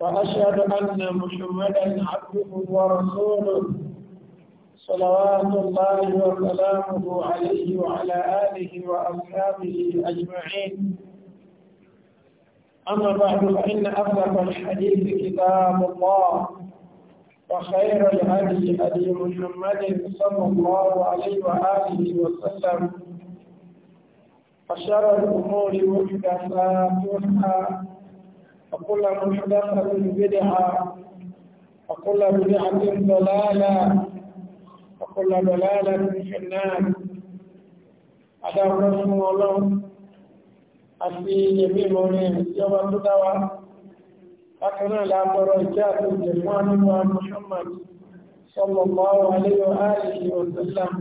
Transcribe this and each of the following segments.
وأشهد أن محمدا عبده ورسوله صلوات الله وسلامه عليه وعلى آله وأصحابه أجمعين أما بعد فإن أصدق الحديث كتاب الله وخير الهدي هدي محمد صلى الله عليه وآله وسلم وشر الأمور محدثاتها وكل محدثة بدعة وكل بدعة ضلالة وكل ضلالة في النار على رسول الله àti èmì ìmọ̀rin ìjọba tó dáwà bákanáà lápọ̀rọ̀ ìjẹ́ àti ìjẹ̀mọ́ nínú Muhammad sallallahu alaihi wa alihi wa sallam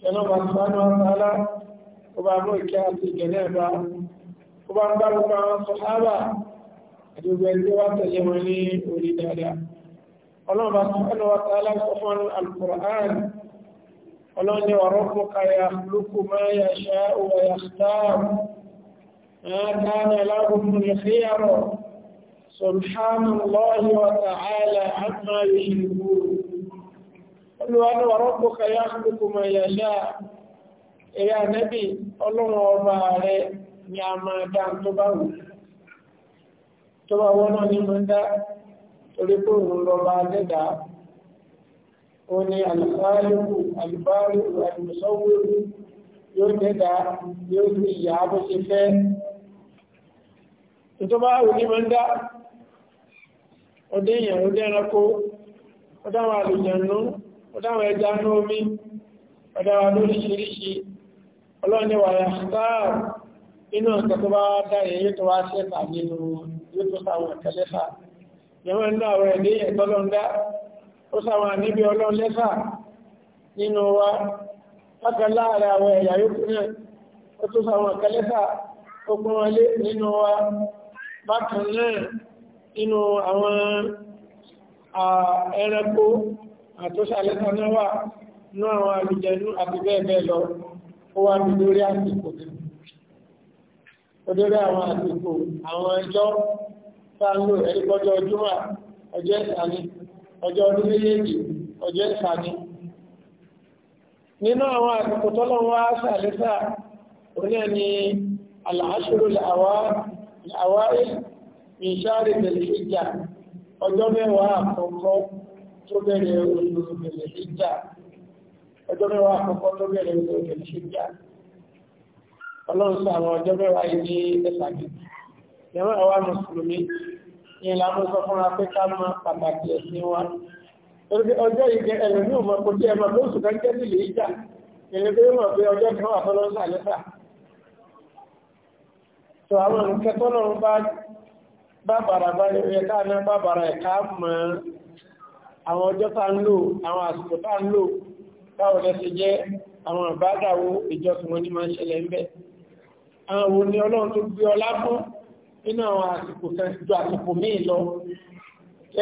kẹlọ́bà sánú ọ̀tọ́lá ọba mọ́ ìkẹ́ àti ìgẹ̀lẹ́ ẹ̀bá ọba ń bá gbogbo àwọn sọ̀hábà àti gbogbo ẹni tó wá tẹ̀lé wọn ní orí dáadáa ọlọ́run bá sọ́kànnà wa ta aláṣọ fún alukur'an ọlọ́run ni ọ̀rọ̀ fún kaya lóko máa yà ṣá òwò yà sáàmù máa dáná lágùnmù lè fíyàrọ̀ subhanallahi wa ta'ala amma yushrikun olùwà ni ọ̀rọ̀ fún kaya lóko máa yà ṣá ẹ̀yà nẹ́bì ọlọ́run ọba rẹ̀ ni a máa dá tó bá wù ú tó bá wọ́n náà ní mọ́ ń dá torí pé òun lọ bá dẹ́dà ó ní alifáàlùkù alifáàlùkù alìmùsọ́wọ́rù yóò dẹ́dà yóò fi ìyá bó ṣe fẹ́ tó bá wù ní mọ́ ń dá ọdẹ èèyàn ó dẹ́ranko ó dáwọn àlùjànú ó dáwọn ẹja ní omi ó dáwọn lóríṣiríṣi ọlọ́ni wàyà sáà inú ọ̀sán tó bá dá èyí tó wá ṣẹ́ta nínú wọn yóò tó sáwọn ẹ̀kẹ́lẹ́fà yẹmọ́ inú àwọn ẹ̀dẹ́ ẹ̀tọ́lọ́ndá ó sáwọn àníbí ọlọ́lẹ́fà nínú wa bákan láàrẹ àwọn ẹ̀yà yókù náà ó tó sáwọn ẹ̀kẹ́lẹ́fà ó pọ́n wọlé nínú wa bákan náà nínú àwọn ẹranko àtúnṣàlẹ́fà náà wà nú àwọn àlùjẹ̀nú àti bẹ́ẹ̀ bẹ́ẹ̀ lọ ó wà lórí àsìkò nínú odori àwọn àsìkò àwọn ẹjọ́ sáàlò ẹ̀ríkọjọ́ ọjọ́wà ọjọ́ ìsàní ọjọ́ ọdún méjèèjì ọjọ́ ìsàní nínú àwọn àsìkò tọ́lọ́wọ́ sàlẹ́sà oní ẹni àlàáṣòro àwárí ìṣàrí tẹ̀lẹ̀ṣíjà ọjọ́ mẹ́wàá àkọ́kọ́ tó bẹ̀rẹ̀ oṣù tẹ̀lẹ̀ṣíjà ọjọ́ mẹ́wàá àkọ́kọ́ tó bẹ̀rẹ̀ oṣù tẹ̀lẹ̀ṣíjà ọlọ́run sọ àwọn ọjọ́ mẹ́wàá yìí ní ẹ̀sàkì ìyẹ̀wọ̀n àwa mùsùlùmí ní ìlànà sọ fúnra pé ká mọ pàtàkì ẹ̀sìn wa torí ọjọ́ ìjẹ ẹlòmíì mọ kò tí ẹ mọ lóṣù kan jẹ́ nílé ìjà ìrìnlẹ́gbẹ́ mọ̀ pé ọjọ́ kan wà fọlọ́ sàlẹ́sà tó àwọn nǹkan tó lọ́run bá bàbàrà bá yẹ ká ná bàbàrà ẹ̀ka mọ àwọn ọjọ́ tá ń lò àwọn àsìkò tá ń lò táwọn ẹ̀sìn jẹ́ àwọn àbádáwo ìjọsìn wọn ní máa ń ṣẹlẹ̀ ń bẹ́ẹ̀ àwọn òní ọlọ́run tó gbé ọlá fún nínú àwọn àsìkò kan ju àsìkò míì lọ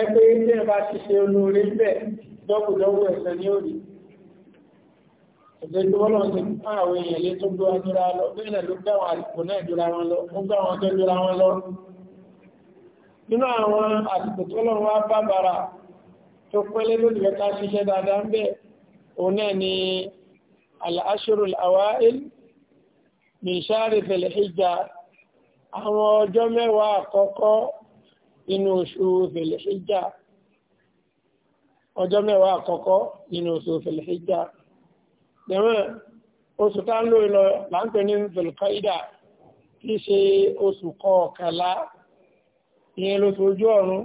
ẹgbẹ́ ilé ẹ̀bá ti ṣe olóore ń bẹ̀ dọ́kùdọ́wọ́ ẹ̀sẹ̀ ní òrì ìgbẹ́jú ọlọ́run ti fún àwọn èèyàn lé tó gbé wọn jura lọ bẹ́ẹ̀ náà ló gbé àwọn àsìkò náà jura wọn lọ ó gbé àwọn tó jura wọn lọ nínú àwọn àsìkò tó lọ́run wá bá bàrà tó pẹ́lẹ́ lónìí mẹ́ta ṣiṣẹ́ dáadáa ń bẹ̀ òun náà ni al-ashrul awa'il bìsáàrì fèlèhìjà àwọn ọjọ́ mẹ́wàá àkọ́kọ́ nínú oṣù fèlèhìjà ọjọ́ mẹ́wàá àkọ́kọ́ nínú oṣù fèlèhìjà dẹ̀wọ̀n oṣù tá ń lò lọ láńpẹ́ ní fèlèkọ́ìdà kí ṣe oṣù kọkànlá ìyẹn lóṣù ojú ọ̀run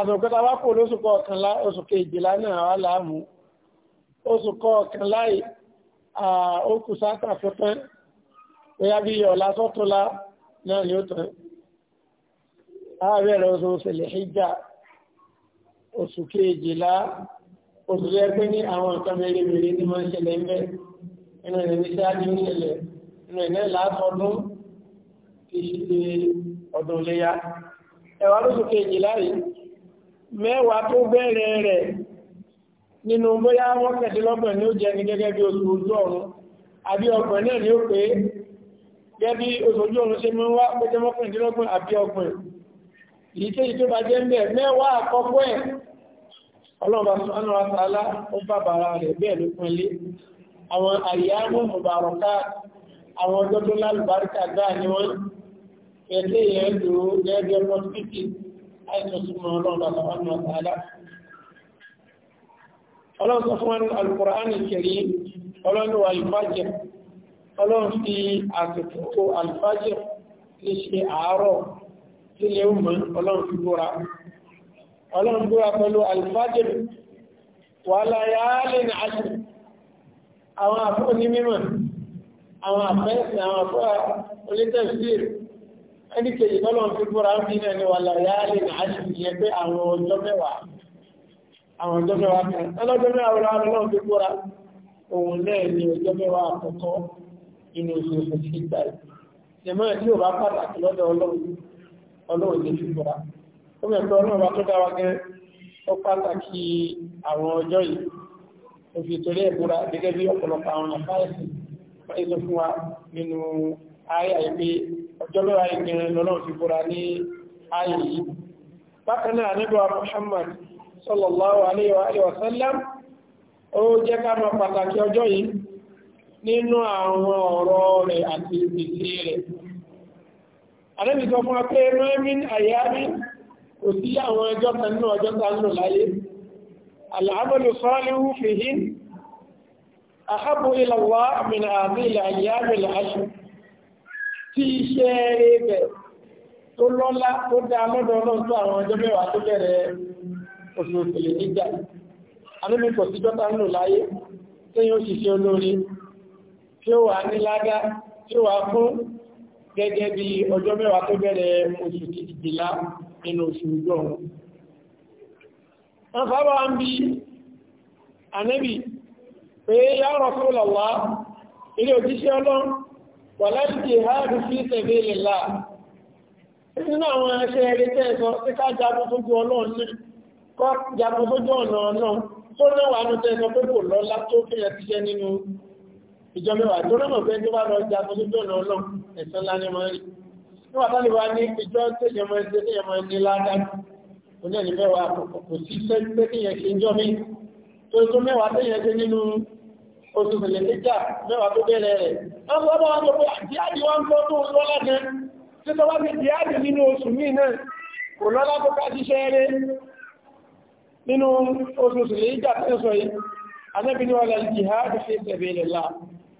àtọ̀kọ́ta wá kò lóṣù kọkànlá oṣù kejìlá náà wà láàmú oṣù yìí bóyá bí ọ̀la sọ́tọ́lá náà ni ó tán ààrẹ rẹ̀ oṣù òṣèlè hijja oṣù kejìlá oṣù rẹ̀ pé ní àwọn nǹkan mẹ́rẹ̀mẹ́rẹ́ ní máa ń ṣẹlẹ̀ ń bẹ́ inú ẹ̀rẹ́ ní sáájú ń ṣẹlẹ̀ inú ẹ̀rẹ́ látọdún ti ṣe ọdún léyá ẹ̀wà lóṣù kejìlá yìí mẹ́wàá tó bẹ̀rẹ̀ rẹ̀ nínú bóyá wọ́n kẹ̀dínlọ́gbọ̀n ni ó jẹ́ ní gẹ́gẹ́ bí oṣù ojú ọ̀run àbí ọgbọ̀n náà ni ó pé gẹ́bí oṣojú ọ̀run ṣe mú wá pẹ́jẹ́ mọ́kàndínlọ́gbọ̀n àbí ọgbọ̀n èyí tó yìí tó bá jẹ́ mẹ́ mẹ́wàá àkọ́kọ́ ẹ̀ ọlọ́ọ̀bá sọ́nà àtàlá ó bá bàrà rẹ̀ bẹ́ẹ̀ ló pín lé àwọn àyàmù mùbàrọ̀ká àwọn ọjọ́ tó lálùbáríkà dáa ni wọ́n ẹ̀lẹ́ yẹn lò ó gẹ́gẹ́ ọmọ ọlọ́run fi àtìkò alfajir lè ṣe àárọ̀ tí lè ń mọ̀ ọlọ́run fi búra ọlọ́run búra pẹ̀lú alfajir wà láyálẹ̀ ní àṣì àwọn àfọ́ ní mímọ̀ àwọn àfẹ́sì àwọn àfọ́ onítẹ̀sír ẹni kejì ọlọ́run fi búra ń bí náà ni wà láyálẹ̀ ní àṣì yẹ pé àwọn ọjọ́ mẹ́wàá àwọn ọjọ́ mẹ́wàá òun náà ọjọ́ mẹ́wàá àkọ́kọ́ inú ìṣòro sí ìgbà yìí jẹmọ́ ẹ̀ tí ò bá pàtàkì lọ́dọ̀ ọlọ́run ọlọ́run lè fi bọ́ra ó mẹ́ pé ọlọ́run bá tó dá wa gẹ́ ó pàtàkì àwọn ọjọ́ yìí ó fi torí ẹ̀bùra gẹ́gẹ́ bí ọ̀pọ̀lọpọ̀ àwọn àfáìsì wáyé tó fún wa nínú ayé àìpé ọjọ́ mẹ́wàá ìgbìnrin lọ́lọ́run fi bọ́ra ní ayé yìí bákan náà nígbà Muhammad sallallahu alaihi wa sallam ó jẹ́ ká mọ̀ pàtàkì ọjọ́ yìí nínú àwọn ọ̀rọ̀ rẹ̀ àti ìpìsí rẹ̀. Àrẹ́bì sọ fún apé Mẹ́rin Àyárí kò sí àwọn ẹjọ́ kanú ọjọ́ kanú láyé. Àlàábọ̀lù sọ́ọ́lẹ́wú fìhí, àhábò ìlàwà àmìnà àti ilẹ̀ àyárí làáṣù, tí iṣẹ́ rẹ̀ tó lọ́lá tó dá lọ́dọ̀ náà tó àwọn láyé, tẹ́yìn ó ṣiṣẹ́ olórin tí ó wà ní ládá tí ó wà fún gẹ́gẹ́ bí ọjọ́ mẹ́wàá tó bẹ̀rẹ̀ oṣù kìtìlá nínú oṣù ìjọ wọn fàbá ń bí ànẹ́bì pé yá Rasulullah ilé òjíṣẹ́ ọlọ́run wà láti jẹ háàrù fi sabilillah nínú àwọn ẹṣẹ́ eré tẹ́ẹ̀sọ tí ká jagun kọ́ jagun tó jọ ọ̀nà ọ̀nà tó náwà nù tẹ́ẹ̀sọ pé kò lọ́lá tó fẹ́yẹ̀ ti jẹ́ nínú ìjọba tó lọ́mọ̀ pé tó bá lọ ja fojú ọ̀nà ọlọ́run ẹ̀sán ńlá ní máa rí níwà tó lè wá ní ìjọ tẹ́yẹ máa ṣe tẹ́yẹ máa ní ládàá oní ẹ̀ní mẹ́wàá kò sí sẹ́gbẹ́ kí yẹn ṣe ń jọ mí tó tó mẹ́wàá tẹ́yẹ ṣe nínú oṣù tẹ̀lẹ̀ níjà mẹ́wàá tó bẹ̀rẹ̀ rẹ̀ wọ́n sọ wọn sọ pé àdíádì wọn gbọ́ tó lọ́lá gan tí tó bá fi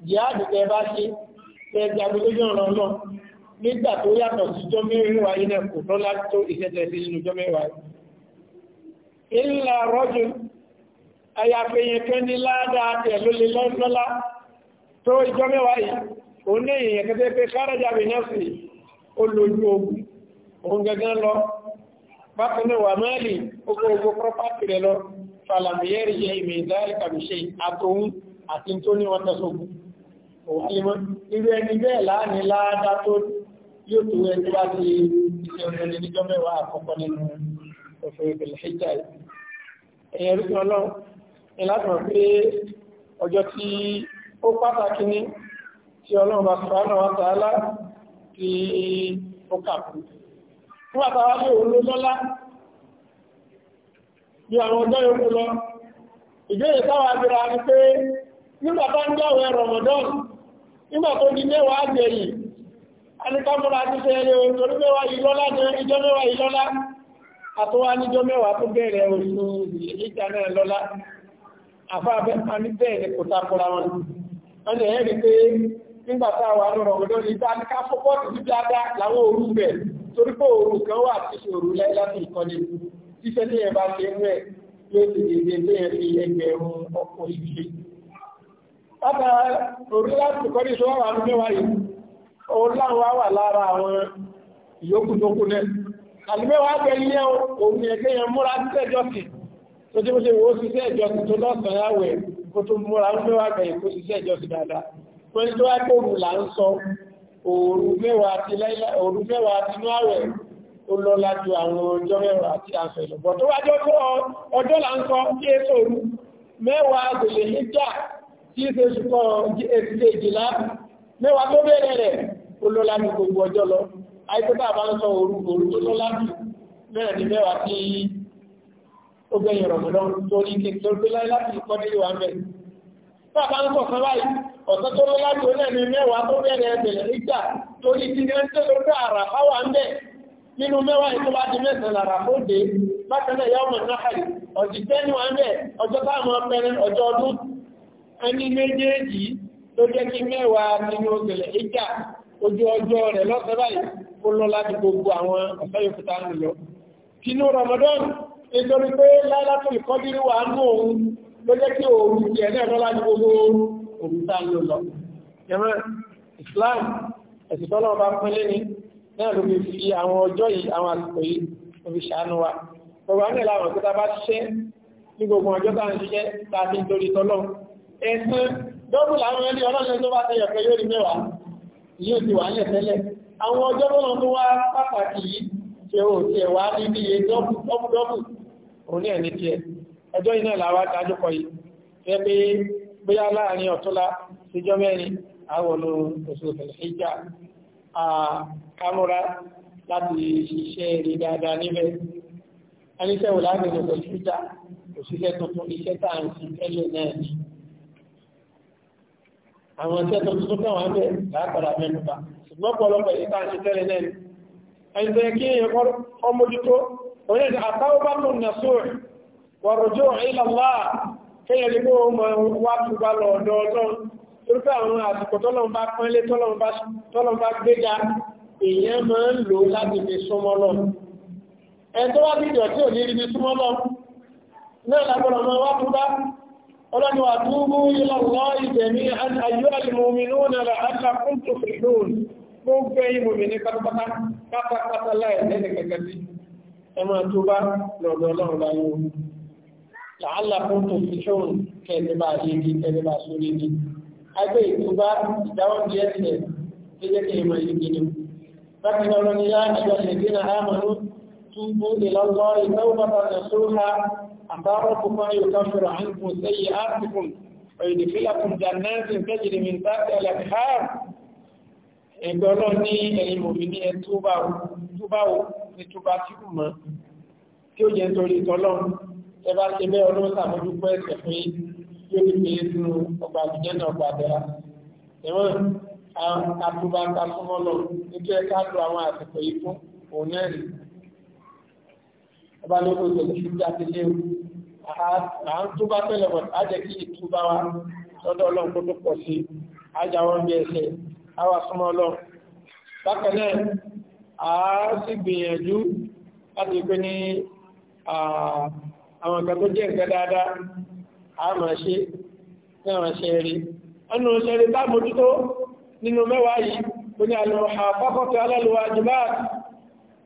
jihadi tẹ bá ṣe tẹ jagun lójú ọ̀rọ̀ náà nígbà tó yàtọ̀ sí jọ mẹ́rin wáyé náà kò tọ́lá tó ìṣẹ̀lẹ̀ sí inú jọ mẹ́rin wáyé. ìlà rọ́jù ayàfẹ́yìn kan ní ládàá tẹ̀ ló lè lọ́lá tó ìjọ mẹ́wàá yìí òun ní èèyàn kẹ́tẹ́ pé kárájà bì náà sì ó lójú ogun òun gẹ́gẹ́ lọ bákan náà wà mẹ́rin ogun pọ́pátì rẹ̀ lọ falamiyẹ́rì yẹ ìmẹ̀ ìdáyẹ̀ àtòun àti tó wọn tẹ̀sọ́gun òfìmọ́ irú ẹni bẹ́ẹ̀ láàní láádá tó yóò tó ẹni bá ti iṣẹ́ òṣèlú níjọ́ mẹ́wàá àkọ́kọ́ nínú òfin ìpìlẹ̀ ṣíjà ẹ̀yẹn rúkú ọlọ́run ni láti mọ̀ pé ọjọ́ tí ó pàtàkì ní tí ọlọ́run bá sọ̀rọ̀ wá sàálà tí ó kàkú fún àtàwà ní òun ló lọ́lá bí àwọn ọjọ́ yòókù lọ ìbéèrè táwọn abìrà ni pé nígbà tá ń jáwé rọmọdọ́nù nígbà tó di mẹ́wàá gbẹ̀yìn alìkámọ́ra ti fẹ́ ẹrẹ ohun torí mẹ́wàá ìlọ́lá ní ìjọ mẹ́wàá ìlọ́lá àtọwà níjọ mẹ́wàá tó bẹ̀rẹ̀ oṣù ìjà náà lọ́lá àfáàfẹ́ àní bẹ́ẹ̀ kò takora wọn wọ́n lè rí pé nígbà táwà lọ́rọ̀ ọ̀dọ́ ní bá ní ká fọ́pọ́ ti dáadáa láwọn òru bẹ̀ torí pé òru kan wà tí ṣòro láti ìkọ́ni ṣíṣẹ́ tí ẹ bá ṣe ń rẹ̀ yóò ti dèdè bẹ́ẹ̀ fi látà orí láti kọ́ ní ìṣọ́wà àrùn mẹ́wàá yìí o láwọn wà lára àwọn ìyókù tó kú náà àlùmẹ́wàá bẹ ilé òun ẹgbẹ́ yẹn múra sí ẹjọ́sìn tó tí mo ṣe wo ṣiṣẹ́ ìjọsìn tó lọ́sàn-án àwẹ̀ kó tó múra mẹ́wàá bẹ̀yẹ̀ kó ṣiṣẹ́ ìjọsìn dáadáa pẹ̀lú tó wá pé òun là ń sọ òru mẹ́wàá ti nú àwẹ̀ ó lọ lájú àwọn ọjọ́ mẹ́wàá àti àṣọ ìlọ́gbọ̀n tó wájọ́ ọjọ́ là ń sọ kí é sóru mẹ́wàá àgbèlè níjà tí ṣe ṣùkọ́ ètìlẹ̀ ìjìlá mẹ́wàá tó bẹ̀rẹ̀ rẹ̀ olóla ní gbogbo ọjọ́ lọ àìkọ́tà bá ń sọ òru òru tó lọ́lá jù mẹ́rẹ̀ ní mẹ́wàá tí ó gbẹ̀yìn rọ̀mọ̀lọ́ torí kékeré láì láti kọ́ nílé wa mẹ́ bá bá ń sọ kan báyìí ọ̀sẹ̀ tó lọ́lá jù náà ní mẹ́wàá tó bẹ̀rẹ̀ bẹ̀rẹ̀ nígbà torí ti ní ẹ̀ńtẹ́ ló fẹ́ àrà fáwà ń bẹ̀ nínú mẹ́wàá ètò bá a ní méjèèjì tó jẹ́ kí mẹ́wàá nínú ògbèlè ìjà ojú ọjọ́ rẹ̀ lọ́sẹ̀ báyìí ó lọ láti gbogbo àwọn ọ̀sẹ̀ yòókùtà ń lọ. Ramadan nítorí pé láìláto ìkọ́bírí wà nú òun ló jẹ́ kí òun ti ẹ̀ náà lọ́la ní gbogbo òun ń lò lọ. jẹ́mọ́ Islam ẹ̀sìn tọ́lọ́ ọba pínlẹ̀ ni náà ló fi fi àwọn ọjọ́ yìí àwọn àsìkò yìí ló fi ṣàánú wa. gbogbo àwọn ìlànà tó ta ẹ̀sùn dọ́bù láwọn ẹni ọlọ́ṣẹ́ tó bá tẹ́yẹ̀ pé yóò rí mẹ́wàá yóò ti wà nílẹ̀ tẹ́lẹ̀ àwọn ọjọ́ náà tó wá pàtàkì yìí ṣe ò ti ẹ̀ wá ní iye dọ́bù dọ́bù dọ́bù òní ẹ̀ ní tiẹ̀ ẹjọ́ iná làwa dájú kọ yìí fẹ́ pé bóyá láàrin ọ̀túnla síjọ́ mẹ́rin àwọ̀lò oṣù tẹ̀lẹ̀ṣẹ́jà kámúra láti ṣiṣẹ́ rí dáadáa níbẹ̀ ẹni tẹ́wò láti oṣù tẹ̀lẹ̀ṣẹ́jà òṣìṣẹ́ tuntun iṣẹ́ tá à ń àwọn ẹ̀sẹ̀ tó tuntun náà wà bẹ́ẹ̀ láàpàdà mẹ́nuba ṣùgbọ́n pọ̀lọpọ̀ yìí táà ṣe tẹ́lẹ̀ náà ni ẹ̀sẹ̀ kí èèyàn kọ́ ọmọdútó orílẹ̀-èdè àtàwọ́bánu nàṣó wọ̀rọ̀jọ́ ìlàlá kéèyàn lè kó ọmọ wa tuba lọ ọ̀dọ̀ ọlọ́run torípé àwọn àsìkò tọ́lọ́run bá pọ́nlé tọ́lọ́run bá gbéga èèyàn máa ń lò láti fi súnmọ́ lọ ẹ̀ńtọ́ wá bí ìdọ̀tí ò ní rí bí súnmọ́ lọ náà lágbọ́dọ̀ máa wá tuba ọlọ́ni wà túbú ilọ̀lọ́ ìjẹ̀mí ayú alìmòmìnú nàrà alákùn tó fi lóòn tó gbé ìmòmìnì pátápátá pátápátá láì lẹ́nì kẹ̀kẹ́ sí ẹmọ àtúbá lọ́dọ̀ ọlọ́run láyé o làálàkùn tó fi lóòn kẹ́lẹ́ bá yé ní kẹ́lẹ́ bá sórí ní agbẹ́ ìtúbá ìdáwọ́ di ẹsẹ̀ tó jẹ́ kí ìmọ̀ yìí gidi bákan náà lọ́ni yá àjọ ìdínà ámàlú túbú ilọ̀lọ́ ìtọ́wọ́ عسى ربكم أن يكفر عنكم سيئاتكم ويدخلكم جنات تجري من تحتها الأنهار ẹgbẹ́ ọlọ́run ní ẹ̀yìn mòmìnì ẹ túbáwò ní túbá tí kù mọ́ tí ó jẹ́ nítorí tọ́lọ́run ẹbá ṣe bẹ́ ọlọ́run sàmójúpọ̀ ẹ̀sẹ̀ pé yóò fi fi sínú ọgbà àbújẹ́ náà gbàdẹ́ra ọba lóko ìgbẹ̀lú ṣúgbà ti lé à ń túbá tẹ́lẹ̀ wọ̀n á jẹ́ kí ìtúbá wa lọ́dọ̀ ọlọ́run tó tó pọ̀ sí ajá wọn bí ẹsẹ̀ á wà súnmọ́ ọlọ́run bákan náà a sì gbìyànjú láti pé ní àwọn nǹkan tó jẹ́ nǹkan dáadáa a máa ṣe ní àwọn ṣẹ́ẹ̀rí ọ̀nà ṣẹ́ẹ̀rí bá mójútó nínú mẹ́wàá yìí ó ní àlọ́ àpapọ̀ tó alálùwà jùbá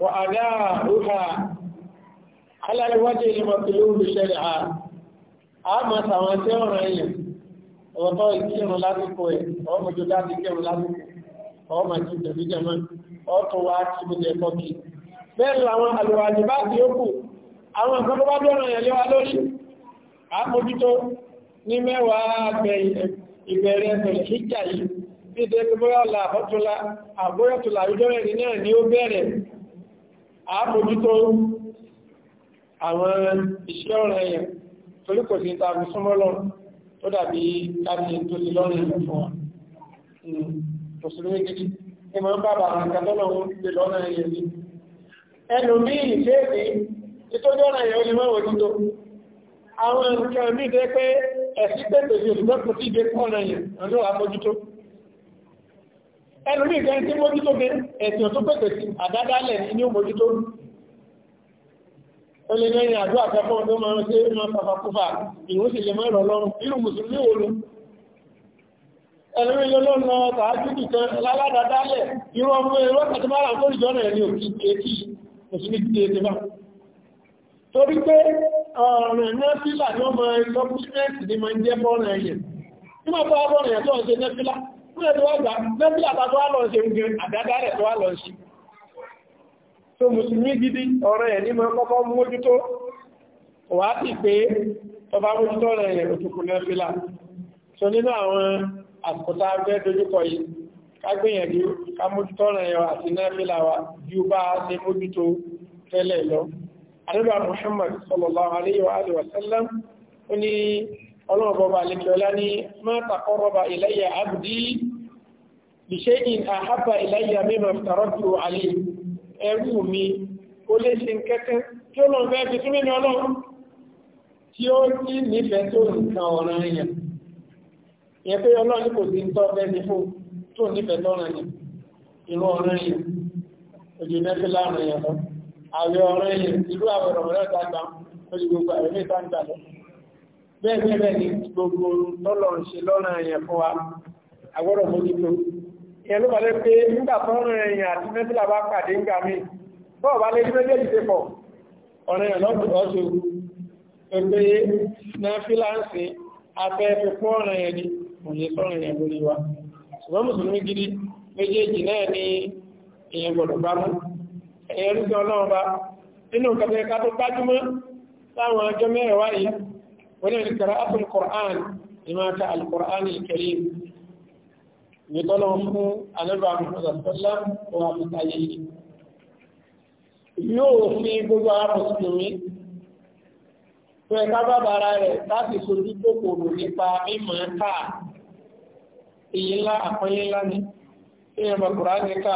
wà àdá òhà aláríwájú ìlúmọ̀ pẹ̀lú olùṣẹ́rẹ̀ à àmà tàwọn tẹ́ ọ̀rọ̀ èèyàn ọ̀tọ́ ìkírun lásìkò ẹ̀ ọmọdé láti kírun lásìkò ọmọ àti ìtẹ̀bí jẹmọ́ ọ̀tọ̀ wá tí mo jẹ kọ́kì bẹ́ẹ̀ làwọn àlùwàjì bá ti ó kù àwọn nǹkan tó bá dọ̀rọ̀ yẹn léwa lórí àmójútó ní mẹ́wàá ìbẹ̀rẹ̀ ẹ̀fẹ̀lẹ̀ ìjà yìí bí i tẹ́kù àwọn iṣẹ́ ọ̀rọ̀ ẹ̀yẹ̀ torí kò sí tàbí súnmọ́ lọ́rùn tó dàbí láti tó sí lọ́rùn ìlú fún wa hmm, mùsùlùmí gidi ní ma ń bá bàbá ìkàtọ́lọ̀ ń gbé lọ́nà ẹ̀yẹ ní ẹnu bí ìṣẹ́ẹ̀dì ìtọ́jú ọ̀nà ẹ̀yẹ ní mẹ́wọ̀ títò àwọn nǹkan bí jẹ́ pé ẹ̀sí sí olùgbọ́kùn sí ìgbé tó pẹ̀lú ó lè mẹ́rin àdó àtẹ́kọ́ tó máa ń ṣe máa fàfàkúfà ìwọ́n sì lè mọ́ ìrọ̀ lọ́rùn nínú mùsùlùmí òru ẹ̀lẹ́rin ló lọ́nà tààjúdì kan láládádálẹ̀ irú ọmọ ẹ̀rọ kàtàmárà tó ìjọ rẹ̀ ní òkú etí mùsùlùmí ti dé bá torí pé ọ̀rìn nẹ́fílà ní ọmọ ẹgbọ́kúsínẹ́ẹ̀tì ní máa ń jẹ́ bọ́ọ̀rìn ẹ̀yẹ nígbà tó wá bọ́ọ̀rìn ẹ̀ tó ń ṣe tó mùsùlùmí gidi ọ̀rọ̀ ẹ̀ ní mọ́ kọ́kọ́ mójútó wà ti pé ọba mójútó rẹ̀ ẹ̀ òtùkù nẹ́fìlà so nínú àwọn àkótá abẹ́ dojúkọ yìí ká gbìyànjú ká mójútó rẹ̀ ẹ̀ àti nẹ́fìlà wa ju bá a ṣe mójútó tẹ́lẹ̀ lọ àdúrà Muhammad sallallahu alayhi wa alihi ilayya abdi bi shay'in ahabba ilayya ẹrú mi ó lè ṣe kẹ́kẹ́ tí ó lọ fẹ́ fi tún nínú ọlọ́run tí ó ní nífẹ̀ẹ́ tó nǹkan ọ̀ràn yẹn ìyẹn pé ọlọ́run ní kò sí ń tọ́ fẹ́ ní fún tó nífẹ̀ẹ́ tọ́ràn yẹn ìlú ọ̀ràn yẹn ojú mẹ́fẹ́ láàrin yẹn lọ àwẹ̀ ọ̀ràn yẹn ìlú àwẹ̀rọ̀ mẹ́rẹ̀ tàgbà ojú gbogbo àwẹ̀ mẹ́ta ń lọ bẹ́ẹ̀ bẹ́ẹ̀ ni gbogbo tọ́lọ̀ ń ṣe lọ́ràn yẹn fún wa àgbọ́dọ̀ mójútó ìyẹn ló balẹ̀ pé nígbà tó rìn ẹ̀yìn àti mẹ́fìlà bá pàdé ń gbà mí bọ́ọ̀ bá lè rí méjèèjì ṣe pọ̀ ọ̀rẹ́ ẹ̀ lọ́dún ọ̀ṣọ́ pé náfìlà ń sìn afẹ́ fi pọ́ ọ̀rẹ́ ẹ̀ ni kò lè sọ̀rọ̀ ẹ̀ lórí wa ṣùgbọ́n mùsùlùmí gidi méjèèjì náà ni ìyẹn gbọ́dọ̀ bá mú ẹ̀yẹ rúgbẹ ọlọ́run bá nínú kẹfẹ́ ká tó gbájúmọ́ láwọn ọjọ́ mẹ́rẹ̀ẹ́wá yìí wọ́n ní ìkàrà ápùl kọ̀rán ìmáta alkọ̀rán ìkẹrìm ní tọ́lọ́ fún alẹ́bà àmúfọ́sọ́lá fún àmúfáyé yóò fi gbogbo ara mùsùlùmí fún ẹ̀ka bàbára rẹ̀ láti sojú kòkòrò nípa mímọ̀ ká èyí ńlá àpọ́nlé ńlá ni èèyàn bàkùrá ní ká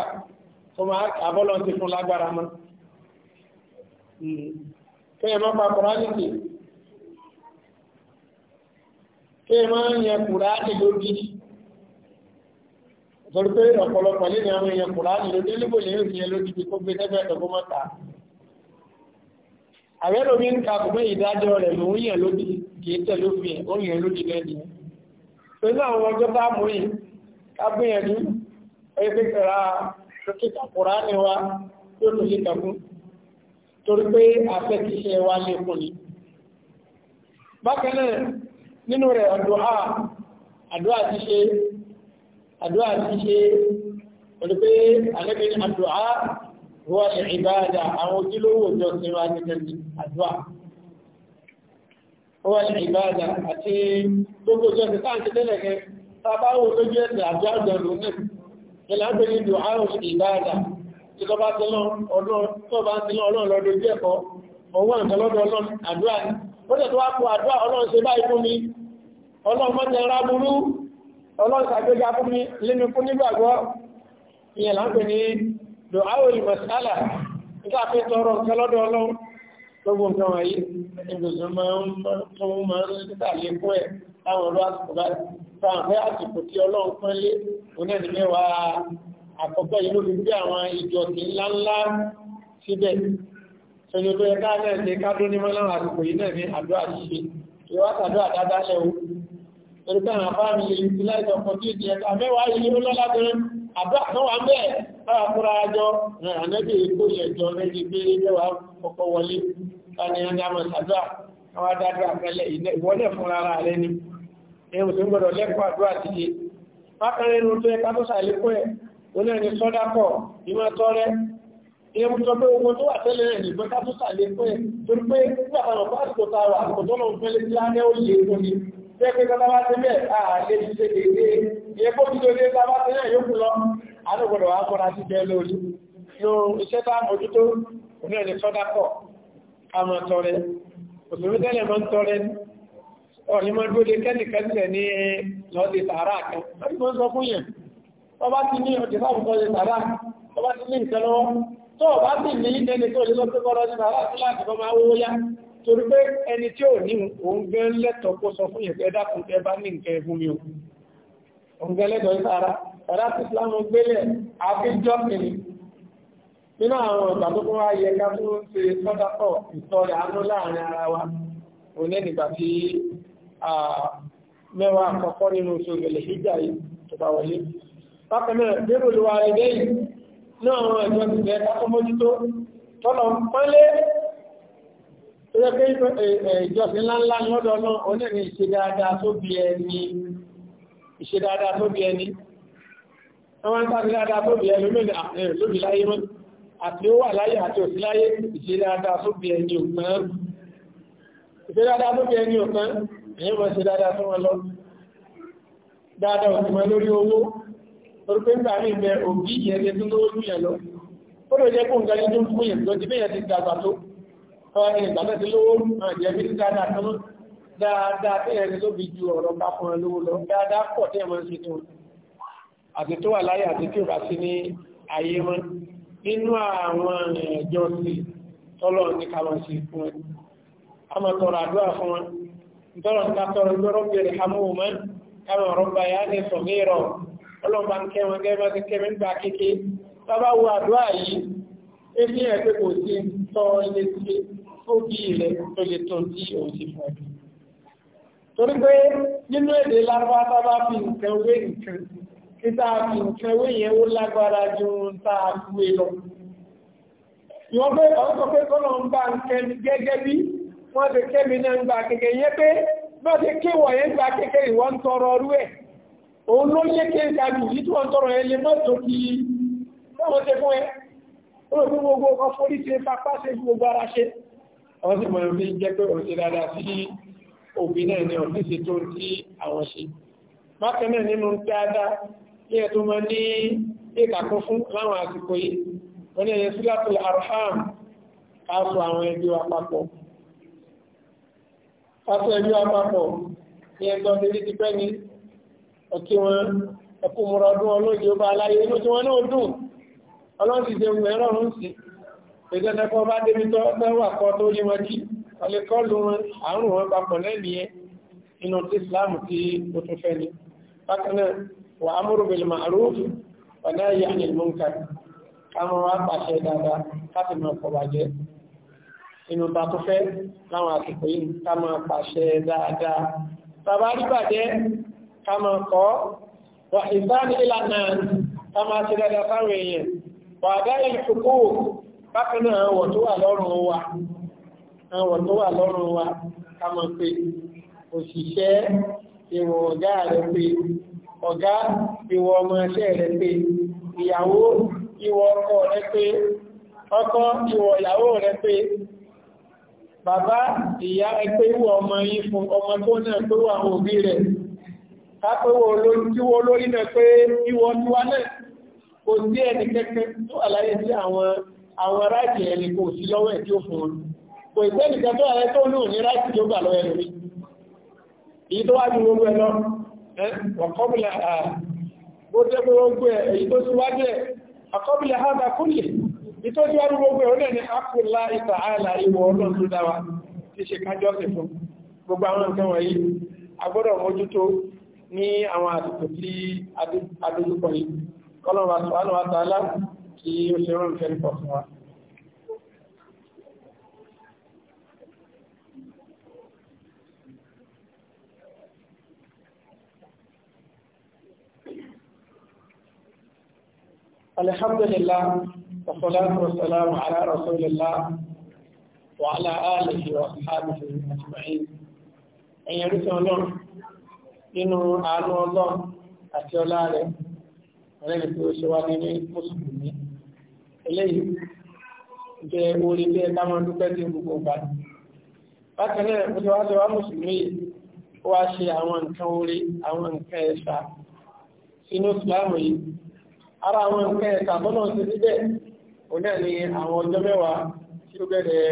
tó máa àbọ́lọ́ ti fún lágbára mọ́ kéèyàn má pa kùránì tì kéèyàn má yẹ kùránì lógidi torí pé ọ̀pọ̀lọpọ̀ lé ní àwọn èèyàn kùránì ló dé níbo lè yóò yẹn lódìdí tó gbé tẹ́fẹ́ ẹ̀dọ́gbọ́ mọ́ta àwẹ́ lómi ń ka kùgbẹ́ ìdájọ́ rẹ̀ ló ń yàn lódì kì í tẹ̀ lófin ó yàn lódì lẹ́ni pẹ̀lú àwọn ọjọ́ bá mú yìí ká gbìyànjú ẹgbẹ́ kẹra kíkà kùránì wa yóò tó kíkà fún torí wa lè àdúrà ti ṣe olùgbé alẹ́gbẹ́ ní àdúrà wọ́n ṣe ìbáadà àwọn ojúlówó òjò sínú àjẹjẹjì àdúrà wọ́n ṣe ìbáadà àti gbogbo òjò sí káàkiri tẹ́lẹ̀ kẹ sábáwò lójú ẹ̀sẹ̀ àti àjọ̀dún náà ìlà ń pè ní dùn àrùn ìbáadà tí lọ́ba ti lọ ọdún tó bá ti ọlọ́run lọ́dún ojú burú ọlọ́sàgbéga fún mi lẹ́nu fún nígbàgbọ́ ìyẹn láńpẹ̀ ní dọ̀háwòl masala nígbà pé tọrọ kẹlọ́dọ̀ ọlọ́run gbogbo nǹkan wọ̀nyí ìgbòsàn máa ń tó máa ń títà lékún ẹ̀ láwọn ọlọ́ àsìkò bá fẹ́ àsìkò tí ọlọ́run pọ́n lé onẹ́ni mẹ́wàá àkọ́kọ́ yìí ló fi gbé àwọn ìjọ sí ńláńlá síbẹ̀ sọ̀rọ̀ tó yẹ káà náà ṣe ká dónímọ́ láwọn àsìkò yìí náà ní àdúrà ṣíṣe ìwádàdúrà dáadáa lẹ́wọ́ torí pé àwọn afáàmì lè ti láìsọ fún tí ìdí ẹ̀ka mẹ́wàá yìí ló lọ́lá tẹ́rẹ àbúrà kan wà mẹ́ẹ̀ káwà fúnra jọ ànẹ́bì èkó ìyẹ̀jọ méjì pé mẹ́wàá kọ́kọ́ wọlé káni ẹni àmọ̀ sàdúrà káwà dáadáa pẹ̀lẹ́ ìwọlé fúnra ara rẹ ni ẹ̀hùn tó gbọdọ̀ lẹ́kọ̀ọ́ àdúrà ti ṣe pápẹ́rẹ́ inú tó ẹ̀ka tó ṣàlékọ́ ẹ̀ oní ẹni sọ́dá pọ̀ ìmọ̀ tọ́rẹ́ ìyẹn mú sọ pé ogun tó wà tẹ́lẹ̀ rẹ̀ nìgbẹ́ ká tó ẹ̀ torí pé nígbà táwọn pásítọ̀ ta wà àkọ́tọ́nà òfin lè ní ó lè fún jẹ́ pé tọ́lá bá ti mẹ́ ààlé ti ṣe dédé yẹ kó fi lóde tá bá ti rẹ̀ yókù lọ alógbọ̀dọ̀ wá kọ́ra sí jẹ́ lórí ló iṣẹ́ tá mójútó òní ẹ̀lẹ́ sọ́dá pọ̀ àmọ́ tọrẹ òṣèré tẹ́lẹ̀ mọ́ ń tọrẹ ọ̀ní mọ́ dúró de kẹ́nìkẹ́sẹ̀ ní lọ́dẹ tààrà kan wọ́n mọ́ sọ fún yẹn ọba ti ní ọjọ́ sáàbùkọ́ de tààrà ọba ti ní ìtẹ́lọ́wọ́ tó ọba ti ní torí pé ẹni tí ò ní òun gẹ́ lẹ́tọ̀ọ́ kó sọ fún ìyẹ̀fẹ́ dákùn tẹ́ bá ní nǹkan ẹ̀fún mi òun gẹ́ lẹ́tọ̀ọ́ sára ẹ̀rá tí Islam gbélẹ̀ àfíjọ́sìn nínú àwọn ìgbà tó kún wá yẹ ká tó ń ṣe sọ́dápọ̀ ìtọ́rẹ àánú láàrin ara wa òun nígbà pé ìjọsìn ńláńlá lọ́dọ̀ náà onírìn ìṣe dáadáa tó bí ẹni ìṣe dáadáa tó bí ẹni wọ́n tàbí dáadáa tó bí ẹni ah, lóbi láyé mọ́ àti ó wà láyé àti òsí láyé ìṣe dáadáa tó bí ẹni òkan ìṣe dáadáa tó bí ẹni òkan èyí mọ́ ṣe dáadáa tó wọn lọ dáadáa òsì mọ́ lórí owó orúkọ nígbà mí bẹ òbí ìyẹn lé tó lówó lúyẹn lọ ó lè jẹ́ kó nǹkan ní ọ̀rẹ́ ìgbàlẹ́ ti lówó àjẹ́bí dáadáa kan mọ́ dáadáa tí ẹni tó bí ju ọ̀rọ̀ bá fún ẹ lówó lọ dáadáa pọ̀ tí ẹmọ sí tó àti tó wà láyé àti tí ò bá sí ní ayé mọ́ nínú àwọn ẹ̀jọ́ sí tọ́lọ̀ ní kàmọ̀ sí fún ẹ àmọ́ tọrọ àdúrà fún wọn tọrọ nípa tọrọ gbọ́rọ̀ bẹ̀rẹ̀ hamóhùn mọ́ wọn gẹ́gẹ́ bá ti òbí rẹ̀ tó lè tó tí ó ti fún ẹ̀. torí pé nínú èdè lágbàtà bá fi nǹkan wé nǹkan títà fi nǹkan wé yẹn ó lágbára ju ohun tá a wé lọ. ìwọ́n pé ọ̀hún sọ pé kọ́nà ń bá nǹkan gẹ́gẹ́ bí wọ́n ti kẹ́mi náà ń gba kékeré yẹn pé bá ti kéwọ̀ yẹn gba kékeré ìwọ́n ń tọrọ ọrú ẹ̀ òun ló yẹ kí n ka jù yìí tí wọ́n tọrọ ẹ lè má tó kí báwọn ṣe fún ẹ ó lè fún gbogbo ọkọ̀ wọ́n sì mọ̀ ní jẹ́ pé òṣè dáadáa sí òbí náà ní ọ̀fíìsì tó ń tí àwọn ṣe bákan náà nínú dáadáa ní ẹ̀ tó máa ní ìkàkún fún láwọn àsìkò yìí wọ́n ní ẹ̀yẹ sílátù arham káàsù àwọn ẹbí wa papọ̀ káàsù ẹbí wa papọ̀ ní ẹ̀tọ́ nílí ti pẹ́ ni ọkí wọn ẹkùnmọ̀rọ̀ ọdún ọlọ́dún ọba aláyé inú tí wọ́n ṣe ń gbẹ̀rọ̀ ọ̀run sí ìdẹ́sẹ̀kọ́ bá débi tọ́ mẹ́wà kọ tó ní wọn jí ọlẹ́kọ́lù wọn àrùn wọn papọ̀ lẹ́nìyẹn inú tí islam tí ó tún fẹ́ ni bákan náà wà amúrò bil ma'ruf wa nahy 'anil munkar káwọn wá pàṣẹ dáadáa káfí máa kọ bàjẹ́ inú ta tó fẹ́ láwọn àsìkò yìí ká máa pàṣẹ dáadáa bàbá rí bàjẹ́ ká máa kọ́ wà ìsáni bákan náà àwọ̀ tó wà lọ́rùn wa àwọ̀ tó wà lọ́rùn wa ká mọ̀ pé òṣìṣẹ́ ìwọ̀ ọ̀gá rẹ̀ pé ọ̀gá ìwọ̀ ọmọ ẹṣẹ́ rẹ̀ pé ìyàwó ìwọ̀ ọkọ rẹ̀ pé ọkọ ìwọ̀ ìyàwó rẹ̀ pé bàbá ìyá ẹgbẹ́ ìwọ̀ ọmọ yìí fún ọmọ tó náà tó wà àwọn òbí rẹ̀ kápẹ́wọ̀ olójúwó lórí náà pé ìwọ̀ tiwa náà kò sí ẹnì kẹ́kẹ́ tó àlàyé sí àwọn àwọn ráìtì ẹni kò sí lọ́wọ́ ẹ̀ tí ó fún un kò ìgbẹ́ nìkan tó ààrẹ tó lóò ní ráìtì tó gbà lọ́wọ́ ẹ̀rọ mi èyí tó wá ju gbogbo ẹ lọ ọ̀kọ́bìlà bó jẹ́ pé gbogbo ẹ̀ èyí tó síwájú ẹ̀ ọ̀kọ́bìlà hábà kúlẹ̀ èyí tó síwájú gbogbo ẹ̀ ó dẹ̀ ní àkùlá kí ó ṣe rọrùn fẹ́ nípa fún wa alhamdulillah والصلاة والسلام على رسول الله وعلى آله وأصحابه أجمعين ẹ̀yìn orísun ọlọ́run nínú àánú ọlọ́run àti ọlá rẹ̀ ọ̀rẹ́ni tí ó ṣe wá ní mùsùlùmí eléyìí jẹ́ orí bẹ́ẹ̀ dáwọn dúpẹ́ tí gbogbo gbà bákan náà ó ti wá ti wá mùsùlùmí ó wá ṣe àwọn nǹkan orí àwọn nǹkan ẹ̀ṣà sínú ìsìláàmù yìí ara àwọn nǹkan ẹ̀ṣà bọ́nà ti síbẹ̀ ó náà ní àwọn ọjọ́ mẹ́wàá tí ó bẹ̀rẹ̀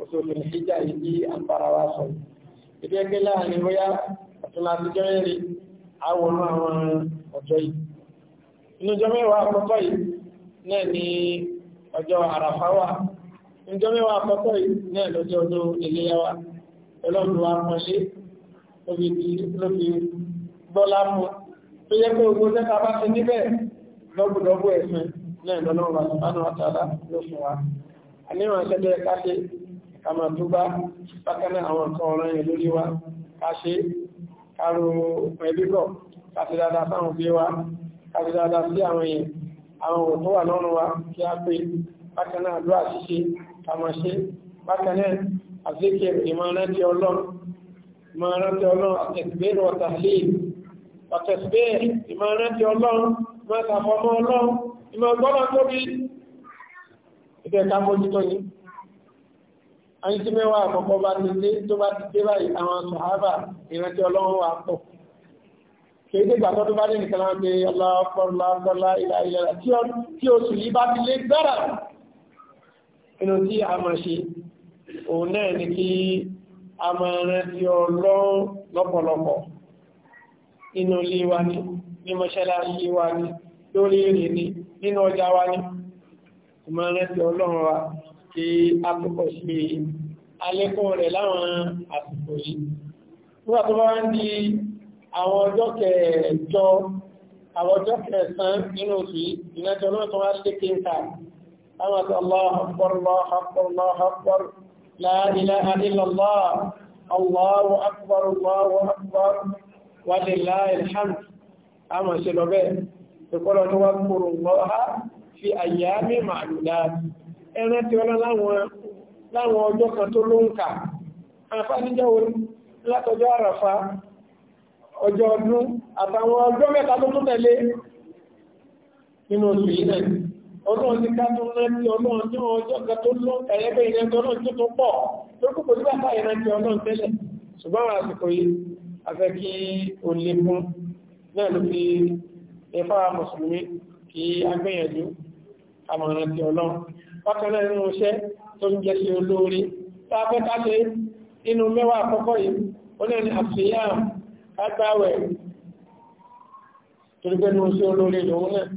òṣòṣò ìṣíjà yìí bí àǹfààrà wa sọ ìdẹ́gbẹ́ láàrin bóyá ọ̀tún láti jọ́ mẹ́rin àwọn àwọn ọjọ́ yìí inú ọjọ́ mẹ́wàá àkọ́kọ́ yìí náà ni ọjọ́ àràfá wà níjọ́ mẹ́wàá àkọ́kọ́ yìí náà lọ́jọ́ ọdún iléyá wa ọlọ́run wa pọ̀lé lóbi bọ́lá mú tó yẹ pé ogun tẹ́ta bá ti níbẹ̀ lọ́gbùdọ́gbù ẹ̀sìn náà lọ́lọ́run wa sùpánù àtàlá ló fún wa àníwọ̀n ṣẹlẹ̀ káṣe kàmà tó bá bákaná àwọn nǹkan ọ̀rọ̀ yẹn lórí wa káṣe kárò ẹbí bọ̀ káṣe dáadáa sáwọn bí wa káṣe dáadáa sí àwọn èèyàn àwọn òwò tó wà lọ́rùn wa kí a pé bákan náà àdúrà ṣíṣe kàmọ̀ṣe bákan náà àfikẹ́ ìmọ̀rántí ọlọ́run ìmọ̀rántí ọlọ́run àtẹ̀síbẹ́rù ọ̀tà lè ọ̀tẹ̀síbẹ́rù ìmọ̀rántí ọlọ́run mọ́tàfọ́mọ́ ọlọ́run ìmọ̀ ọgbọ́n tóbi ìfẹ́ ká mójútó kèédé ìgbà tó bá dé nìkan láti ọlọ́pọ̀lọpọ̀lá ìlà ìlà tí oṣù yìí bá ti lé gbára inú tí a máa ṣe òun náà ni kí a máa rántí ọlọ́run lọ́pọ̀lọpọ̀ inú ilé wa ni ní mọ́ṣáláṣí wa ni lórí èrè ni nínú ọjà wa ni a máa rántí ọlọ́run wa kí a púpọ̀ sí alẹ́kùn rẹ̀ láwọn àsìkò yìí nígbà tó bá ń di àwọn ọjọ́ kẹjọ àwọn ọjọ́ kẹsàn nínú oṣù ìnájọ́ náà tó wá ṣe kéńtà àwọn àti Allahu Akbar Allahu Akbar Allahu Akbar La ilaha illallah Allahu Akbar Allahu Akbar wa lillahil hamd àmọ̀ ṣe ọjọ́ ọdún àtàwọn ọjọ́ mẹ́ta tó tún tẹ̀lé nínú oṣù yìí náà ọlọ́run ti ká tó rántí ọlọ́run ní ọjọ́ kan tó lọ ẹ̀yẹ́bẹ̀ ìrẹ́ntọ́ náà tó tó pọ̀ tó kúkò nígbà tá ìrántí ọlọ́run tẹ́lẹ̀ ṣùgbọ́n àsìkò yìí afẹ́ kí o lè fún náà ló fi ẹ̀fà mùsùlùmí kí agbẹ́yànjú àmọ̀rántí ọlọ́run bákan náà nínú iṣẹ́ tó ń jẹ́ sí olóore tá a fẹ́ ká ṣe nínú mẹ́wàá àkọ́kọ́ yìí ó náà ní àfihàn agbáwẹ̀ torí pé ní oṣù olóore lòun náà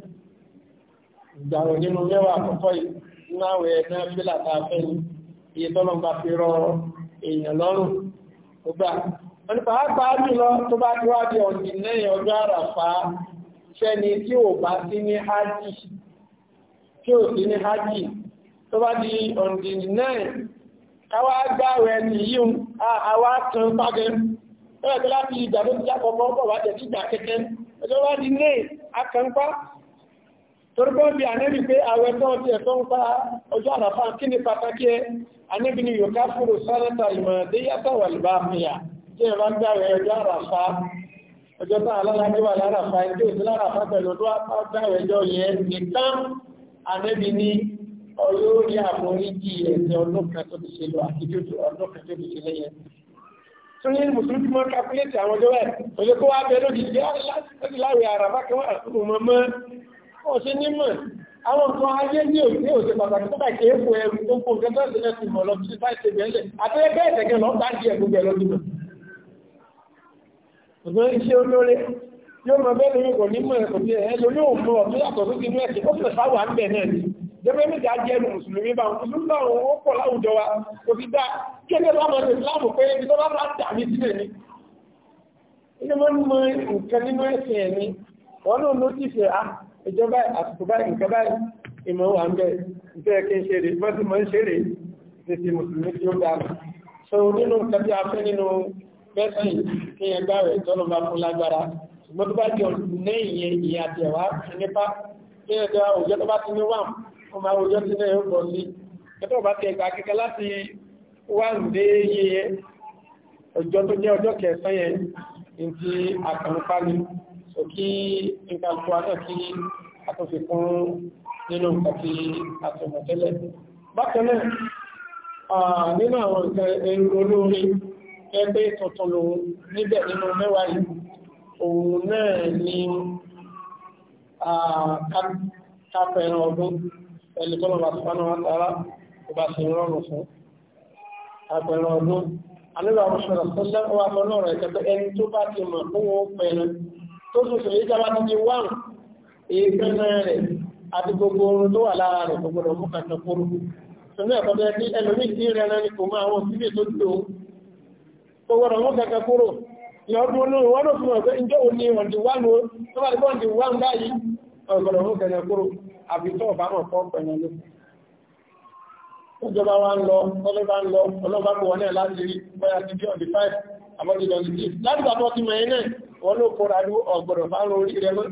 ìgbàwẹ̀ nínú mẹ́wàá àkọ́kọ́ yìí nínú àwẹ̀ náà fílà tá a fẹ́ ni iye tọ́lọ́ bá fi rọ èèyàn lọ́rùn ó gbà wọn ni pàápàá jùlọ tó bá ti wá di ọ̀dì lẹ́yìn ọjọ́ àràfá sẹ́ni tí ò bá sí ní hájì tí ò sí ní hájì tó bá di ọ̀dì lẹ́yìn káwá gbàwẹ̀ nìyí àwa kan ẹ̀ẹ́dẹ́ láti ìjà ló ti jápọ̀ mọ́ ọgbọ̀ wájẹ̀ sí ìjà kẹ́kẹ́ ẹjọ́ wá di ilé akẹ́ńpá torúkọ́ bí anẹ́bí pé àwẹ̀ tó ti ẹ̀tọ́ ń pa ọjọ́ àràfà kí ni pàtàkì ẹ anẹ́bí ni yóò káfúrò sárẹ́ta ìmọ̀dé yàtọ̀ wà lè bá mìíyà tí ẹ bá ń gbàwẹ̀ ọjọ́ àràfà ọjọ́ tá alálàájú wà láràfà ẹjọ́ ìdí láràfà pẹ̀lú ọdún àgbàwẹ̀ ẹjọ́ yẹn nìkan anẹ́bí ni ọlọ́rí àforíjì ẹ̀sẹ̀ ọdún kan tó yẹ mùsùlùmí ti mọ́ kápílẹ̀tì àwọn ọjọ́ ẹ̀ òye kó wá bẹ lójijì ah, láti láwẹ̀ àràbá kan àkókò mọ́ mọ́ ó ṣe nímọ̀ àwọn nǹkan ayé ní òní òṣè pàtàkì tó bàjẹ́ èkó ẹrù tó kó nǹkan tó ṣe lẹ́sìn mọ̀ lọ sí fáìsì bẹ́ẹ̀lẹ̀ àtẹ́lẹ́ bẹ́ẹ̀ tẹ̀gẹ́ lọ bá di ẹ̀gbọ́n bẹ́ẹ̀ lọ́dún mọ̀. ṣùgbọ́n iṣẹ́ olóore yóò mọ bẹ́ẹ̀ lórí kò ní mọ̀ ẹ̀kọ́ bí ẹ̀ lórí òun mọ̀ ọ̀tún yàtọ̀ tó ti mú ẹ̀sìn ó sì fáwọn àgbẹ̀ náà ni jẹ́bẹ́ méjì ajẹ́nu mùsùlùmí bá mùsùlùmí bá wọn ó pọ̀ láwùjọ wa kò fi dá kéde lámọ̀ ní ìsìláàmù pé ibi tó bá bá dà sílẹ̀ ni ilé wọn mọ nǹkan nínú ẹ̀sìn ẹ̀mí wọn náà ló ti ṣe à ìjọba àsìkò báyìí nǹkan báyìí ìmọ̀ wà ń bẹ ìfẹ́ kí ń ṣe so nínú nǹkan bí a fẹ́ nínú mẹ́sìn kí n gbá rẹ̀ tọ́nà bá fún lágbára ṣùgbọ́n tó bá jọ lẹ́yìn ìyẹn ìyàtẹ̀wá nípa kí ó máa rojọ́ sí náà yóò bọ̀ sí ẹ̀tọ́ bá ti ẹgbà kíkẹ́ láti wá ǹdé yẹ ọjọ́ tó jẹ́ ọjọ́ kẹsàn yẹn ní ti àkànlùpá ni so kí nǹkan tó wá náà kí a tó fi kún nínú nǹkan tí a tó mọ̀ tẹ́lẹ̀ bákan náà nínú àwọn nǹkan ẹrù olóore ẹgbẹ́ tuntun lòun níbẹ̀ nínú mẹ́wàá yìí òun náà ni ẹni kọ́lọ̀ bá sọ́nà àtàrà tó bá sì rọrùn fún àpẹẹrẹ ọdún alẹ́bà ọ̀ṣọ́rọ̀ sọ́lá wà fọ́nà ọ̀rọ̀ ìkẹta ẹni tó bá ti mọ̀ fún wọn pẹ̀lú tó tún sọ yíká bá ti di wà èékánná rẹ̀ àti gbogbo orun tó wà lára rẹ̀ gbogbo rẹ̀ mú kàtà kúrú sọ́nà ẹ̀kọ́ bẹ́ẹ̀ tí ẹlòmíì ti rẹ̀ náà ni kò máa wọn síbẹ̀ tó dùn gbogbo rẹ̀ mú kàtà kúrú ìyọ́dún olóòrùn wọ́n ló fún ọ̀gbẹ́ ìjọ́ òní ọ̀dìwánu tó bá ti bọ́ ọ̀dìwánu báyìí ọ̀gbọ̀n mú kàtà kúrú àbí tó ọ̀bá mọ̀ fọ́ pẹ̀lú ló ìjọba wa ń lọ ọlọ́ba ń lọ ọlọ́ba kò wọlé láti rí bóyá ti jẹ́ ọ̀dí five àmọ́jì lọ́dí six láti bàbá ọtí mọ̀ yẹn náà wọn ló kóra ní ọ̀gbọ̀dọ̀ bá ń lórí rẹ mọ́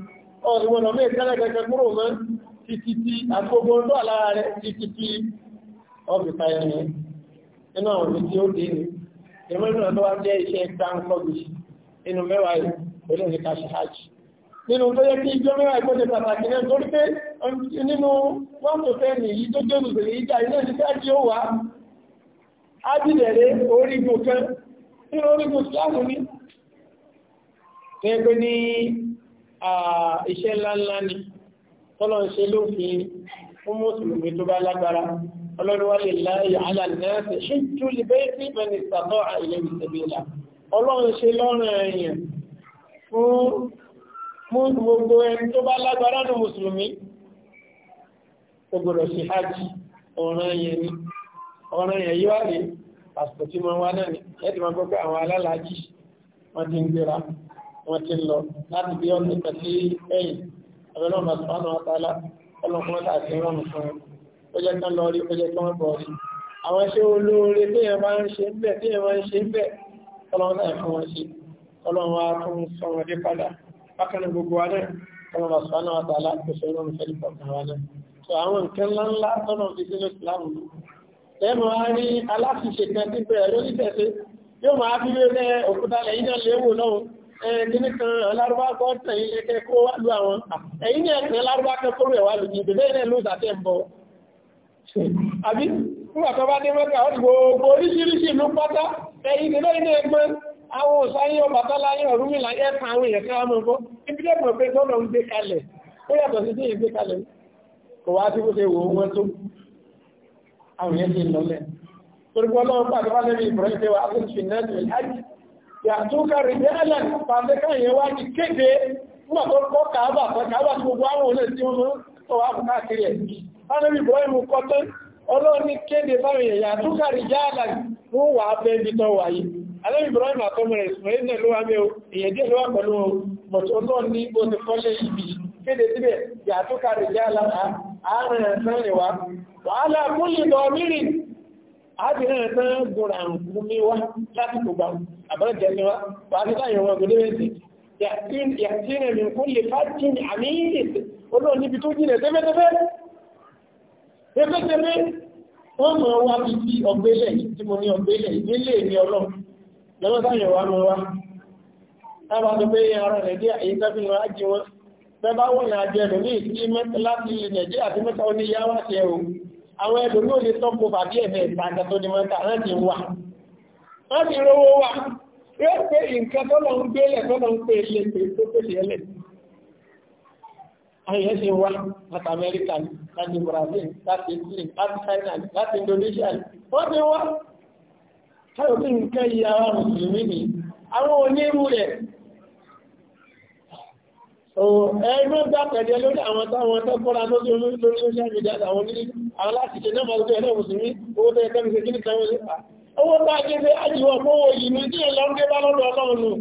ọ̀rọ̀ ìwọ̀n ọmọ ìkẹ́lẹ̀ kẹkẹ kúrò mọ́ títí tí àgbogbo ń lọ́ àlára rẹ títí tí ọ̀gbìta yẹn nínú àwọn òbí tí ó dé ní ìmọ̀ ìrìnà tó wá jẹ́ iṣẹ́ gbáǹkọ́gbì inú mẹ́wàá yìí nínú tó yẹ kí ìjọ mẹ́wàá ìgbọ́jẹ pàtàkì náà torí pé um, nínú wọ́n tó fẹ́ nìyí tó jẹ́ òṣèré ìjà ilé ní káàkiri ó wà á jìdẹ̀rẹ́ orígun kan nínú orígun ìsìláàmù ní gẹ́gẹ́ ní iṣẹ́ ńláńlá ni tọ́lọ̀ ń ṣe lófin fún mùsùlùmí tó bá lágbára mú gbogbo ẹni tó bá lágbára ní mùsùlùmí ó gbọ́dọ̀ sí hajj ọ̀ràn yẹn ni ọ̀ràn yẹn yíwá rèé àsìkò tí wọ́n wá náà ni ẹ̀dì máa gbọ́ pé àwọn alálàájì wọ́n ti ń gbéra wọ́n ti ń lọ láti bí ọdún kan sí ẹ̀yìn abẹ́lẹ́ ọmọ sùpánù àtàlà ọlọ́kùnrin àti ìrọ̀nù fún wọn ó jẹ́ kán lọ rí ó jẹ́ kán bọ̀ rí àwọn iṣẹ́ olóore téèyàn máa ń ṣe ń bẹ̀ téèyàn máa ń ṣe ń bẹ̀ ọlọ́run náà fún wọn ṣe ọlọ́run á tún sọ wọn dé padà bákanáà gbogbo wa náà ọmọ bàbá sọ́nà àti aláàkóso ìrọ̀rùn sẹ́lẹ̀ kọ̀ọ̀kan wa náà so àwọn nǹkan ńlá ńlá tọ́nà ti sínú ìsìláàmù ló lẹ́mọ̀ á rí aláṣìṣe kan tí bẹ̀rẹ̀ lórí tẹ̀sẹ̀ yóò máa fi wé lẹ́ òkúta lẹ́yìn náà léwò lọ́wọ́ kíní kan alárúbá kọ́ tẹ̀yìn lẹ́kẹ́ kó wá lu àwọn ẹ̀yìn ní ẹ̀sìn alárúbá kan kó rẹ̀ wá lu ní ìbẹ̀lẹ́ náà ló dàtẹ̀ ń bọ̀ àbí fún àtọ́bá dé mẹ́ta ó gbogbo oríṣiríṣi ìlú pátá ẹ̀yìn ìdílé ilé ẹgbẹ́ àwọn òsáyé Ọbàtálá yẹ Ọ̀rúnmìlà yẹ kan àwọn èèyàn káwà mọ́ bọ́ ibi dẹ́ mọ̀ pé tọ́lọ ń gbé kalẹ̀ ó yàtọ̀ sí tíyẹ̀ gbé kalẹ̀ kò wá sí bóṣe wò wọ́n tó àwọn èèyàn ti lọlẹ̀ torípọ̀ lọ́wọ́ pàdé wá lẹ́bi ìbùrẹ́ ṣe wà á fi náà tó yájú yàtú kárí dẹ́lẹ̀ pàdé káyẹ̀ wá ti kéde nígbà tó kọ́ kàábà kàábà tó gbogbo àwọn olè tí wọ́n tó wà fún káàkiri ẹ̀ èèyàn yàtú kárí fún wà bẹ́ẹ̀ bí tọ́ wáyé alẹ́bí ibrahim àtọ́mọ̀rẹ̀ ismail náà ló wá mẹ́ o èyàn díẹ̀ ló wá pẹ̀lú o but ọlọ́run ní bó ti kọ́lé ibi kéde síbẹ̀ yàtó kàrẹ̀ jẹ́ alára àárín ẹ̀sán rẹ̀ wá wàhálà múlì lọ mírì àbìnrin ẹ̀sán gbòrà gúnmí wá láti gbogbo àbájẹ́ ni wá wàhálà táyẹ̀ wọn gbọdọ̀ ẹ̀sìn yàtínà mi kún lè fàájìn àmì olóòrùn níbi tó jìnà tẹ́fẹ́tẹ́fẹ́ tẹ́fẹ́tẹ́fẹ́ wọ́n mọ̀ wá bí ọgbẹ́lẹ̀ tí ní ọgbẹ́lẹ̀ nílé ní ọlọ́run lọ́wọ́ sáyẹ̀ wà mú wá tábà tó pé ara nàìjíríà èyí tẹ́fì wọn á jí wọn bẹ́bá wọn náà jẹ́ ẹ̀dùn ní ìsí láti nàìjíríà tí mẹ́ta oní yá wá ṣe o àwọn ẹ̀dùn ní òní tọ́pọ̀ bàbí ẹ̀fẹ̀ ìtajà tó ní mẹ́ta wọ́n ti wà wọ́n ti rówó wà yóò pé nǹkan tó lọ ń gbélẹ̀ tó lọ ń pè é tó pèsè ẹlẹ̀ ayẹyẹ ṣe wá láti Amẹ́ríkà láti Brazil láti Italy láti China láti Indonesia wọ́n ti wá táyọ̀ pé nǹkan yìí ara mùsùlùmí ni àwọn onírú rẹ̀ ẹgbẹ́ bá pẹ̀lẹ̀ lórí àwọn táwọn tẹ́kọ́ra lórí lórí social media àwọn ní àwọn láti ṣe náà màlúkú ẹ̀lẹ́ mùsùlùmí owó tẹ́ ẹ̀kẹ́ mìí kí ah, owó bá gẹ́gẹ́ àjíwọ̀ fówó yìí ní tí ẹ̀lọ́ ń gẹ́ bá lọ́dọ̀ ọlọ́run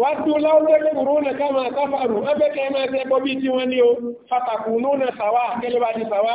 wá tí ó láwọ́ lẹ́gbẹ̀ẹ́ burú nà káàmà káfàrù ẹgbẹ́ kẹ́ẹ̀mẹ́ ẹgbẹ́ bọ́bí tí wọ́n ní o fàtàkùnú nà sàwà kẹ́lẹ́bàdì sàwà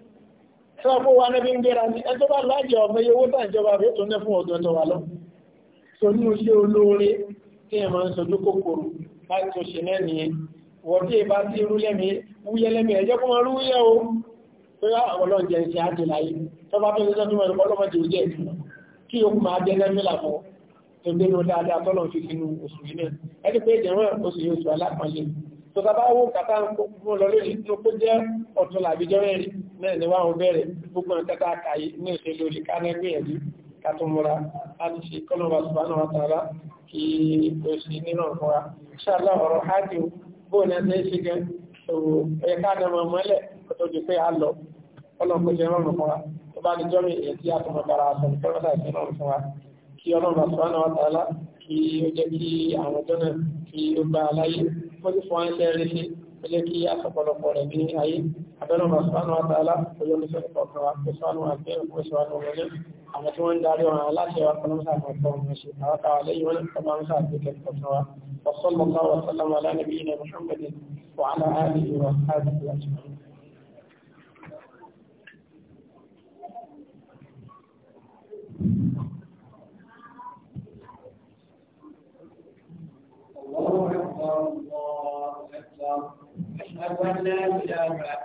sọ fún wa níbi ń gbéra ní ẹjọ́ bá láàjọ ọmọ iye owó tàìjọba rẹ̀ tó ní fún ọ̀dọ̀ tó wà lọ so ní oṣù olóore tí ẹ máa ń sojú kòkòrò láti tó ṣe lẹ́ni wọ́n tí ẹ bá ti rú lẹ́mi wúyẹ́ lẹ́mi ẹjọ́ kó máa rú wúyẹ́ o pé ọlọ́njẹ ṣe ájẹ láyé tó bá tó lọ́jọ́ mímọ̀ ẹ̀kọ́ lọ́mọdé ó jẹ́ kí o máa jẹ́ lẹ́mi làbọ̀ tó gbé ní dáadáa tọ́lọ̀ fi sínú oṣù yìí náà ẹni pé ìjẹ̀wọ̀n oṣù yìí oṣù alápọ̀lẹ̀ tó bá wó kàtà ń kó lọ lórí tó jẹ́ ọ̀tún làbíjọ́ rẹ̀ náà ni wọ́n bẹ̀rẹ̀ gbogbo ọ̀tẹ́ta àkàyí ní òṣèlú orí kánẹ́gbìyànjú kàtùmúra láti ṣe kọ́lọ̀wà ṣùgbọ́n wà tààrà kí o sì nínú ọ̀fọ́ra ṣàlá ọ̀rọ̀ hajj bóò náà ṣe ṣe gan ẹ̀ka àdàmọ̀ mọ́lẹ̀ kò tó di pé a lọ ọlọ́pọ̀ ṣe rọrùn fún wa tó bá ní jọ́mi èyí tí a tó mọ̀ bára sọ nípa mẹ́ta ìṣẹ́ rọrùn fún wa kí ọlọ́run àṣùwọ́n náà tààlà kí ó jẹ́ kí àwọn ọjọ́ náà kí ó gba aláyé ó sì fún wa ń ṣe rí sí ẹjẹ́ kí a sọ̀pọ̀lọpọ̀ rẹ̀ ní ayé abẹ́lọ́mà sọ́nà àtàlá olóòmìsẹ̀ ọ̀kan àpòsọ́nà àti ẹ̀kọ́sọ́nà wọlé àwọn tí wọ́n ń darí ọ̀rọ̀ aláṣẹ wa kọlọ́mùsà àkọ́kọ́ ọmọ ṣe àwọn kàwà lẹ́yìn wọn kọlọ́mùsà àti ẹ̀kọ́sọ́ wa وصلى الله وسلم على نبينا محمد وعلى اله واصحابه اجمعين الله أكبر أشهد أن لا إله إلا